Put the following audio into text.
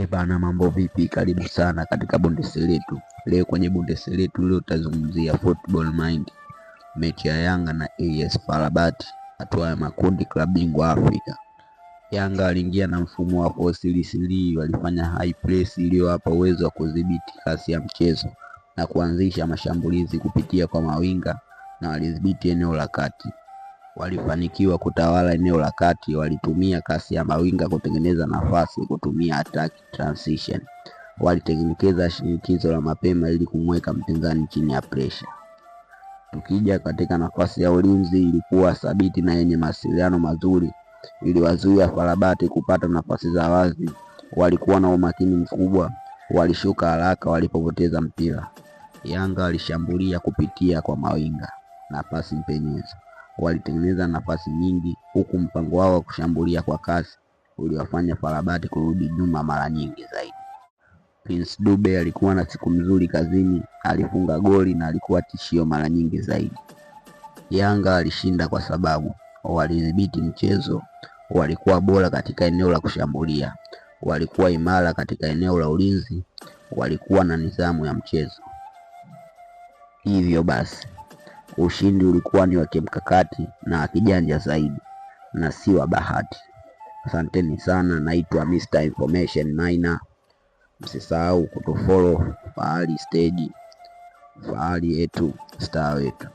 E bana, mambo vipi? Karibu sana katika bundesi letu. Leo kwenye bundesi letu leo tutazungumzia Football Mind, mechi ya Yanga na AS Farabati, hatua ya makundi klabu bingwa Afrika. Yanga waliingia na mfumo wa 4-3-3 walifanya high press iliyowapa uwezo wa kudhibiti kasi ya mchezo na kuanzisha mashambulizi kupitia kwa mawinga na walidhibiti eneo la kati walifanikiwa kutawala eneo la kati. Walitumia kasi ya mawinga kutengeneza nafasi kutumia attack transition. Walitengeneza shinikizo la mapema ili kumweka mpinzani chini ya pressure. Tukija katika nafasi ya ulinzi, ilikuwa thabiti na yenye mawasiliano mazuri, iliwazuia Farabati kupata nafasi za wazi. Walikuwa na umakini mkubwa, walishuka haraka walipopoteza mpira. Yanga walishambulia kupitia kwa mawinga na pasi mpenyezi walitengeneza nafasi nyingi, huku mpango wao wa kushambulia kwa kasi uliwafanya Farabati kurudi nyuma mara nyingi zaidi. Prince Dube alikuwa na siku nzuri kazini, alifunga goli na alikuwa tishio mara nyingi zaidi. Yanga alishinda kwa sababu walidhibiti mchezo, walikuwa bora katika eneo la kushambulia, walikuwa imara katika eneo la ulinzi, walikuwa na nidhamu ya mchezo. Hivyo basi Ushindi ulikuwa ni wa kimkakati na kijanja zaidi na si wa bahati. Asanteni sana, naitwa Mr. Information Miner. Msisahau kutufollow Fahali Steji, fahali yetu, star wetu.